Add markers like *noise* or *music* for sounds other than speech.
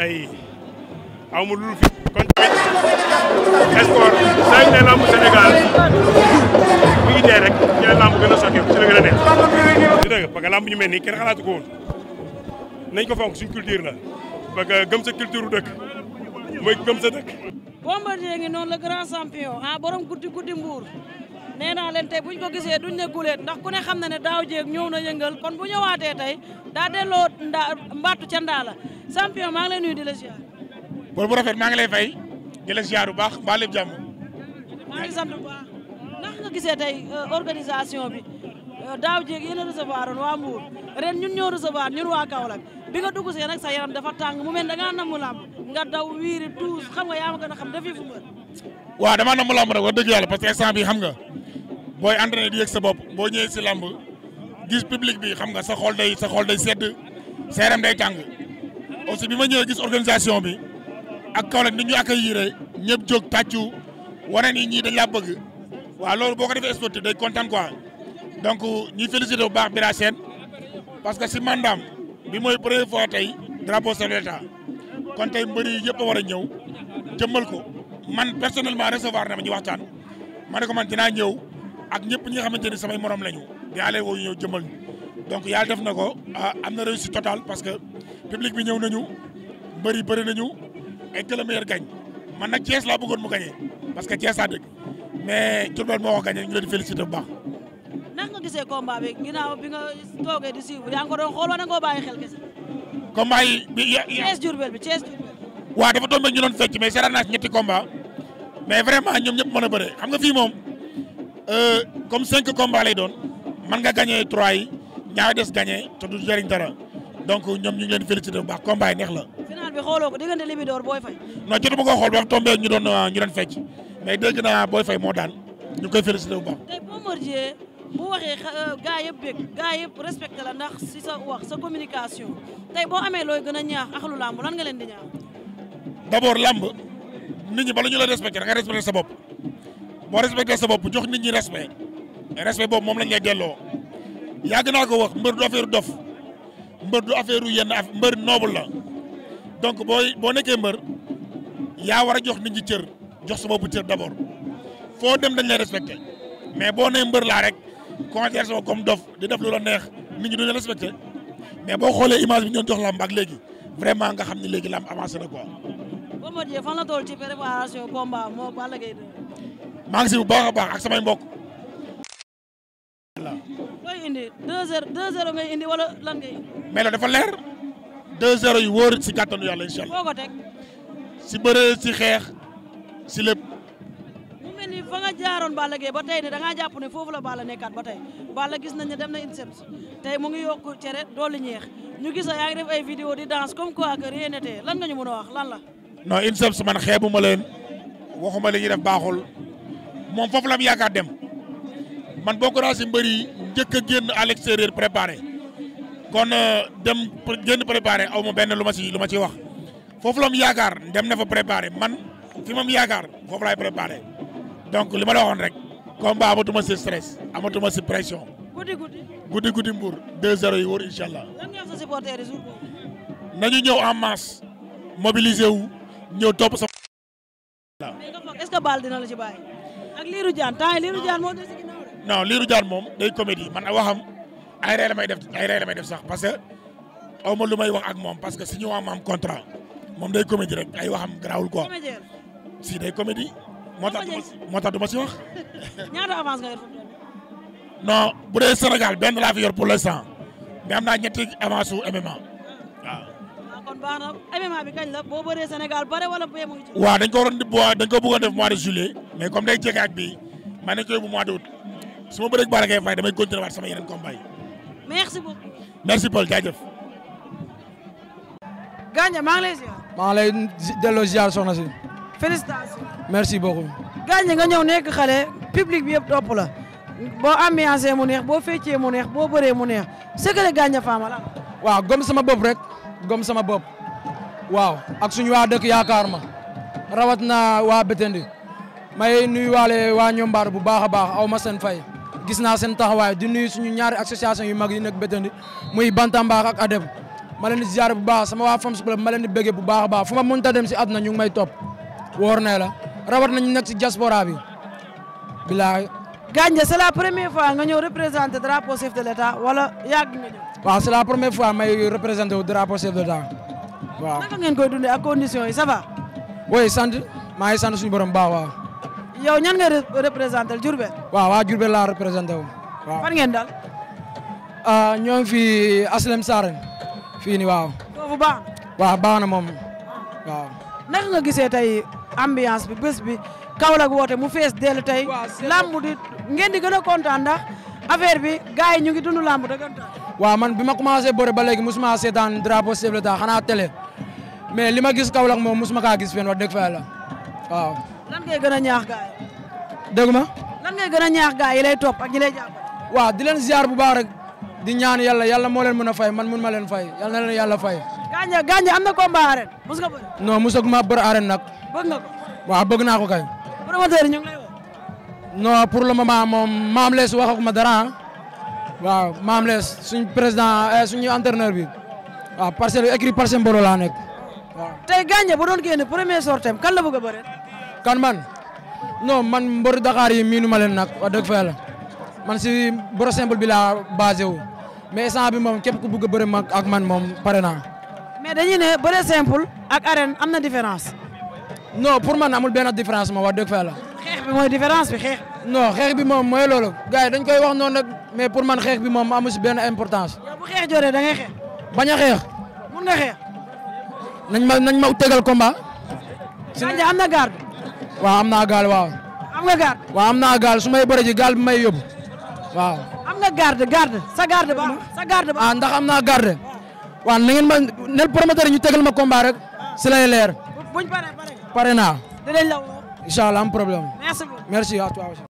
tey awma lu fi kon tamit sport saa yu ne lamb Sénégal mi ngi rek ci lamb gën a sokkeeku ci la gën a nekk di ñu mel nii kenn xalaatu ko woon nañ ko fonk suñ culture la parce que sa culture dëkk mooy gëm sa dëkk Bombardier ngi noonu la grand champion ah borom guddi guddi mbuur nee leen tey bu ñu ko gisee duñ ne guleet ndax ku ne xam na ne daaw jéeg ñëw na yëngal kon bu tey daa delloo nda mbattu la champion maa ngi lay nuyu di la ziar. bu rafet maa ngi lay fay di la ziar bu baax mbaa lépp jàmm. maa ngi sant bu baax ndax nga gisee tey euh, organisation bi euh, daaw jéeg yéen a waa Mbour ren ñun ñoo recevoir ñun waa Kaolack bi nga dugg see nag sa yaram dafa tàng mu mel da ngaa namm làmb nga daw wiiri tuus xam nga yaa ma gën a xam dafiy fu mbër. waaw damaa namm làmb rek wax dëgg yàlla parce que instant bi xam nga booy entraîné di yëg sa bopp boo ñëwee si làmb gis public bi xam nga sa xol day sa xol day sedd sa yaram day tàng. aussi bi ma ñëwee gis organisation bi ak Kaolack ni ñu accueillir ñëpp jóg tàccu wane ni ñii dañ laa bëgg waaw loolu boo ko defee sportif day kontaan quoi donc ñuy félicité bu baax Bira Sène parce que si mandam bi mooy première fois tey drapeau chef de l'État kon tey mbëri yëpp war a ñëw jëmmal ko man personnellement recevoir na ma waxtaan ma ne ko man dinaa ñëw ak ñëpp ñi nga xamante ni samay morom lañu dinaa leen woo ñëw jëmmal donc yàlla def na ko ah, am na réussite public bi ñëw nañu mbëri bëri nañu et que le meilleur man na Thiès laa bëggoon mu gagné parce que Thiès laa dëkk mais Diourbel moo ko gagné ñu leen di félicité bu baax. nan nga gisee combat bi ginnaaw bi nga toogee di ngi ko doon xool wala ñu doon fecc mais seetaan naa ñetti combat mais vraiment ñoom ñëpp mën la bëre xam nga fii moom euh, comme cinq combat lay doon man nga gagné trois yi ñaari des gagné te du jëriñ dara. donc ñoom ñu leen félicité bu baax combat yi neex la. final bi xooloo ko diggante Libidor Boy Faye. non jotuma koo xool ba tombé ñu doon ah, ñu doon fecc mais dégg naa Boy Faye moo daan ñu koy félicité bu baax. tey Bombardier bu waxee euh, gaa yëpp bég gaa yëpp respecté la ndax si sa wax sa communication tey boo amee looy gën a ñaax axlu làmb lan nga leen di ñaax. d' abord làmb nit ñi bala ñu la respecté da nga respecté sa bopp boo respecté sa bopp jox nit ñi respect respect boobu moom lañ lay delloo yàgg naa ko wax mbër du affaire mbër du affaire yenn af mbër noble la donc booy boo nekkee mbër yaa war a jox nit ñi cër jox sa bopp cër d'abord foo dem dañ lay respecté mais boo nee mbër laa rek considère sa comme dof di def lu la neex nit ñi duñu respecté mais boo xoolee image bi ñoon jox lamb ak léegi vraiment nga xam ne léegi lamb avancé na quoi. Bombardier fan la toll ci préparation combat moo Balla Gaye maa ngi si bu baax a baax ak samay mbokk. deux zéro deux indi wala lan ngay indi. mais loolu dafa leer deux zéro yu wóor si kàttanu yàlla incha allah. foo ko teg. si bëree si xeex si lépp. mu mel ni fa ba tey ne da ngaa jàpp ne foofu la Balla nekkaat ba tey Balla gis nañ ne dem na INSEP tey mu ngi yokk cere doole ñeex ñu gis yaa ngi def ay vidéo di danse comme quoi que rien n'était lan nga ñu mën a wax lan la. non INSEP man xeebu ma leen waxuma li ñuy def baaxul moom foofu la mu yaakaar dem. man bokk naa si mbër njëkk a génn à l'extérieur préparé kon euh, dem génn préparé aw ma benn lu ma si lu ma ci wax foofu la mu yaakaar dem na fa préparé man fi ma mu yaakaar foofu laay préparé donc li ma la waxoon rek combat amatuma si stress amatuma si pression. guddi guddi guddi guddi Mbour 2-0 yi wóor incha allah. lan nga sa en masse mobiliser wu ñëw topp sa. ce que Bal non liiru Diane moom day comédie man waxam ay ree la may def ay def sax parce que aw ma lu may wax ak moom parce que suñu waa ma am contrat moom day comédie rek ay waxam garaawul quoi si day comédie moo tax moo tax du ma si wax. *laughs* ñaata avance nga non bu dee Sénégal benn laa fi yor pour l'instant mais am naa ñetti avance su MMA waaw. Ah. Ah, kon baax na MMA bi kañ la boo bëree Sénégal bare wala bee mu ngi ci. waaw ko waroon di ko bëggoon def mois de juillet mais comme day jege ak bii ma ne koy bu mois d'août su ma bëreeg Balla Gaye Faye damay continuer waat sama yeneen combat yi. merci beaucoup. merci Paul jaajëf. Gandia maa ngi lay ziar. maa ngi lay delloo ziar soxna si. félicitations. merci beaucoup. Gandia nga ñëw nekk xale public bi yëpp topp la boo ambiancé mu neex boo feccee mu neex boo bëree mu neex sëkkale Gandia Fama la. waaw gom sama bopp rek gom sama bopp waaw ak suñu waa dëkk yaakaar ma rawat na waa Betende may nuyuwaale waa ñombaar bu baax a baax aw ma sen fay. gis naa seen taxawaay di nuyu suñu ñaari association yu mag yi nekk Betani muy Bantambaax ak ADEM ma leen di bu baax sama waa Fams Club ma leen di bëggee bu baax a baax fu ma si àdduna ñu ngi may topp wóor na la rawat nañu nekk si diaspora bi bilaay. Gandia c'est la première fois nga ñëw représenté drapeau chef de l'état wala yàgg nga la première fois may représenté wu drapeau chef de l'état waaw. naka ngeen koy dundee a conditions yi ça va. oui sant maa ngi sant suñu borom yow ñan nga représenté Diourbel. waaw waa Diourbel laa représenté wu. waaw fan ngeen dal. Ah, ñoo fi Aslem Sarr fii nii waa foofu baax baax na moom waaw. naka nga gisee tey ambiance bi bés bi Kaolack woote mu fees dellu tey. lamb di ngeen di gën a kontaan ndax affaire bi gars yi ñu ngi dund lamb dëggantaan. waaw man bi ma commencé bëre ba léegi musuma seetaan drapeau chef de l'État xanaa télé mais li ma gis Kaolack moom musuma kaa gis fenn wax dëgg fa yàlla waaw. lan ngay gën a ñaax gaa yi. dégg ma. lan gën a ñaax gaa yi lay topp ak ñi lay jàpp. waaw di leen ziar bu baax rek di ñaan yalla yàlla moo leen mën a fay man mun ma leen fay yàlla na leen yàlla fay. gaañ gaañ am na combat arène mos nga bëri. non mosoo ma bëri arène nag. bëgg nga ko. waaw bëgg naa ko kay. promoteur ñu ngi lay wax. non pour le moment moom maam lees waxaguma dara ah. waaw maam lees suñ président eh, suñu entraîneur bi waaw parcelle écrit parcelle mbooloo laa nekk waaw. tey gaañ bu doon génn premier sortem kan la bëgg a kan man non man mboru Dakar yi miinu ma leen nag wax dëgg fa man si boro simple bi laa basé wu mais instant bi moom képp ku bëgg a bëri mag ak man moom pare naa. mais dañuy ne bëre simple ak arène am na différence. no pour man amul benn différence moom wax dëgg fa yàlla. xeex bi mooy différence bi xeex. no xeex bi moom mooy loolu. gars yi dañ koy wax noonu rek mais pour man xeex bi moom amu si benn importance. yow bu xeex jooree da bañ a xeex. nañ ma nañ ma tegal combat. am na garde. waaw am naa gaal waaw. am nga gaal. waaw am naa gaal su may bëre ji gaal bi may yóbbu waaw. am nga garde garde sa garde ba sa garde ba. ah ndax am naa garde. waaw na ngeen ma nel promoteur ñu tegal ma combat rek si lay leer. buñ pare pare. pare naa. dinañ la woo. incha allah am problème. merci beaucoup merci à toi aussi.